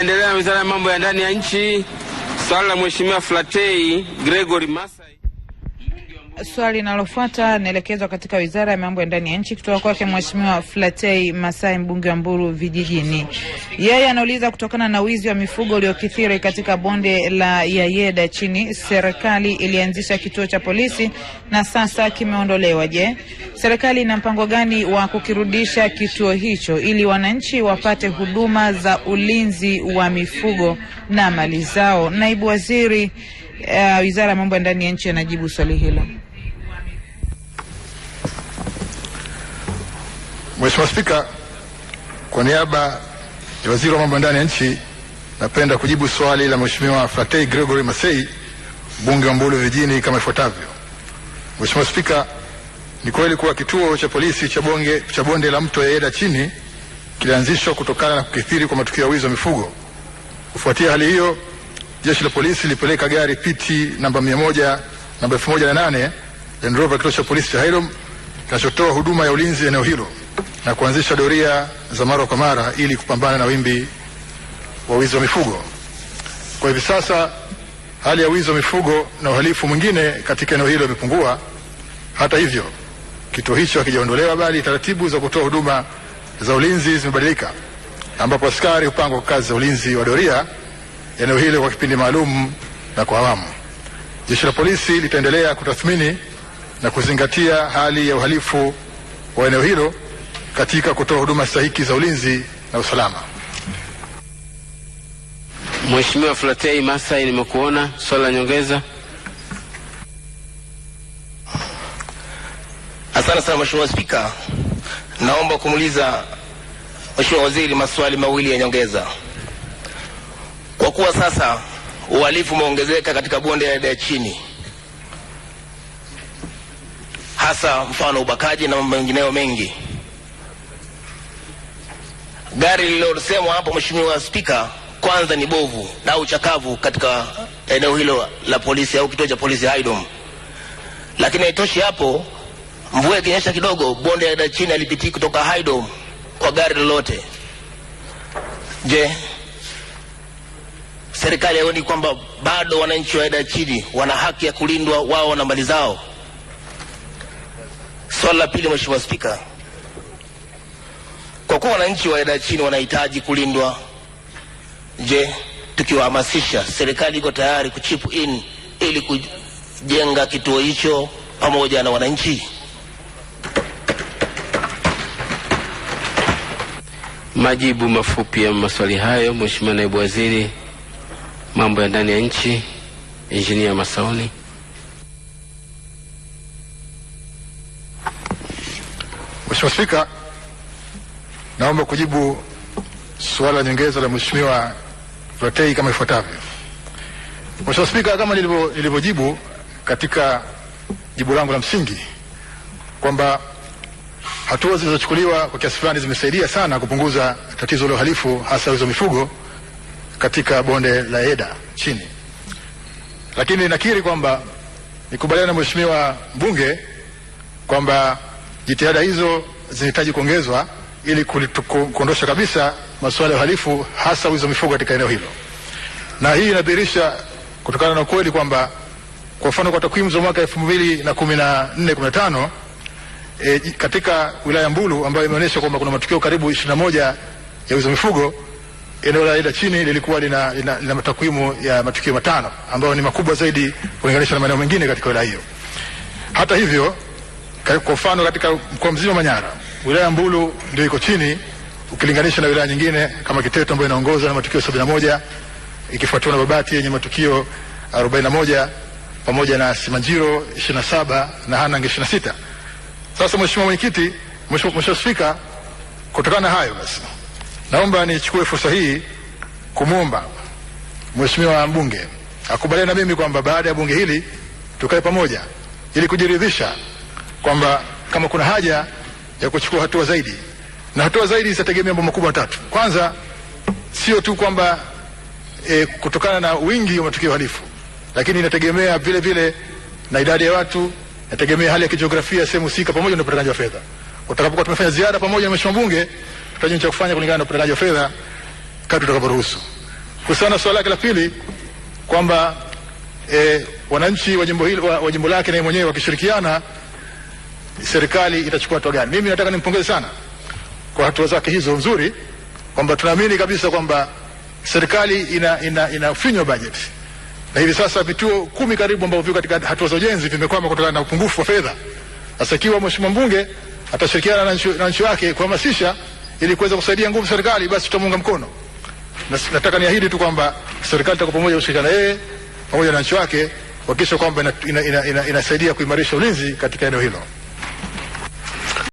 Endelea na wizara ya mambo ya ndani ya nchi, swala la mheshimiwa Flatei Gregory Masai. Swali linalofuata naelekezwa katika wizara ya mambo ya ndani ya nchi kutoka kwake Mheshimiwa Flatei Masai, mbunge wa Mburu Vijijini. Yeye anauliza kutokana na wizi wa mifugo uliokithiri katika bonde la Yayeda chini serikali ilianzisha kituo cha polisi na sasa kimeondolewa. Je, serikali ina mpango gani wa kukirudisha kituo hicho ili wananchi wapate huduma za ulinzi wa mifugo na mali zao? Naibu Waziri uh, Wizara ya Mambo ya Ndani ya Nchi anajibu swali hilo. Mheshimiwa Spika, kwa niaba ya waziri wa mambo ya ndani ya nchi napenda kujibu swali la Mheshimiwa Flatei Gregory Masei, mbunge wa Mbulu vijini kama ifuatavyo. Mheshimiwa Spika, ni kweli kuwa kituo cha polisi cha bonge cha bonde la mto Yeda chini kilianzishwa kutokana na kukithiri kwa matukio ya wizi wa mifugo. Kufuatia hali hiyo, jeshi la polisi lilipeleka gari PT namba 100 namba 1008 Land Rover kituo cha polisi cha Hiram kinachotoa huduma ya ulinzi eneo hilo na kuanzisha doria za mara kwa mara ili kupambana na wimbi wa wizi wa mifugo. Kwa hivi sasa hali ya wizi wa mifugo na uhalifu mwingine katika eneo hilo imepungua. Hata hivyo, kituo hicho hakijaondolewa, bali taratibu za kutoa huduma za ulinzi zimebadilika, ambapo askari hupangwa kwa kazi za ulinzi wa doria eneo hilo kwa kipindi maalum na kwa awamu. Jeshi la polisi litaendelea kutathmini na kuzingatia hali ya uhalifu wa eneo hilo katika kutoa huduma stahiki za ulinzi na usalama. Mheshimiwa Flatei Masai, nimekuona. Swali la nyongeza. Asante sana Mheshimiwa Spika, naomba kumuuliza Mheshimiwa Waziri maswali mawili ya nyongeza. Kwa kuwa sasa uhalifu umeongezeka katika bonde la chini, hasa mfano ubakaji na mambo mengineyo mengi Gari lililosemwa hapo, Mheshimiwa Spika, kwanza ni bovu na uchakavu katika eneo hilo la polisi au kituo cha polisi haidom Lakini haitoshi hapo, mvua ikinyesha kidogo, bonde ya chini alipitii kutoka haidom kwa gari lolote. Je, serikali haioni kwamba bado wananchi wa chini wana haki ya kulindwa wao na mali zao? swala la pili, Mheshimiwa Spika, kwa kuwa wananchi wa ada chini wanahitaji kulindwa, je, tukiwahamasisha, serikali iko tayari kuchip in ili kujenga kituo hicho pamoja na wananchi? Majibu mafupi ya maswali hayo, Mheshimiwa Naibu Waziri Mambo ya Ndani ya Nchi, Injinia Masauni. Mheshimiwa Spika, Naomba kujibu suala nyongeza la Mheshimiwa Rotei kama ifuatavyo. Mheshimiwa Spika, kama nilivyojibu katika jibu langu la msingi kwamba hatua zilizochukuliwa kwa kiasi fulani zimesaidia sana kupunguza tatizo la uhalifu hasa hizo mifugo katika bonde la Eda chini, lakini nakiri kwamba nikubaliana na Mheshimiwa mbunge kwamba jitihada hizo zinahitaji kuongezwa ili kuondosha kabisa masuala ya uhalifu hasa wizi wa mifugo katika eneo hilo, na hii inadhihirisha kutokana na ukweli kwamba kwa mfano kwa takwimu za mwaka elfu mbili na kumi na nne kumi na tano e, katika wilaya ya Mbulu ambayo imeonyesha kwamba kuna matukio karibu ishirini na moja ya wizi wa mifugo, eneo la Ida chini lilikuwa lina, lina, lina takwimu ya matukio matano ambayo ni makubwa zaidi kulinganisha na maeneo mengine katika wilaya hiyo. Hata hivyo, kwa mfano katika mkoa mzima Manyara Wilaya Mbulu ndio iko chini ukilinganisha na wilaya nyingine kama Kiteto ambayo inaongoza na matukio 71 ikifuatiwa na Babati yenye matukio 41 pamoja na Simanjiro 27 na Hanang 26. Sasa Mheshimiwa Mwenyekiti, Mheshimiwa Spika, kutokana na hayo basi, naomba nichukue fursa hii kumwomba Mheshimiwa mbunge akubaliane na mimi kwamba baada ya bunge hili tukae pamoja ili kujiridhisha kwamba kama kuna haja ya kuchukua hatua zaidi, na hatua zaidi zitategemea mambo makubwa matatu. Kwanza, sio tu kwamba e, kutokana na wingi wa matukio halifu, lakini inategemea vile vile na idadi ya watu, inategemea hali ya kijiografia sehemu husika, pamoja na upatikanaji wa fedha. Utakapokuwa tumefanya ziara pamoja na mheshimiwa mbunge, tutajua cha kufanya kulingana na upatikanaji wa fedha kadri tutakaporuhusu. Kuhusiana na suala lake la pili kwamba e, wananchi wa jimbo hilo wa jimbo lake na yeye mwenyewe wakishirikiana serikali itachukua hatua gani. Mimi nataka nimpongeze sana kwa hatua zake hizo nzuri, kwamba tunaamini kabisa kwamba serikali ina, ina, ina inafinywa bajeti na hivi sasa vituo kumi karibu ambavyo viko katika hatua za ujenzi vimekwama kutokana na upungufu wa fedha. Sasa ikiwa mheshimiwa mbunge atashirikiana na nchi wake kuhamasisha ili kuweza kusaidia nguvu serikali, basi tutamuunga mkono. Nataka niahidi tu kwamba serikali itakuwa pamoja kushirikiana yeye pamoja na nchi wake kuhakikisha kwamba inasaidia ina, ina, ina, ina kuimarisha ulinzi katika eneo hilo.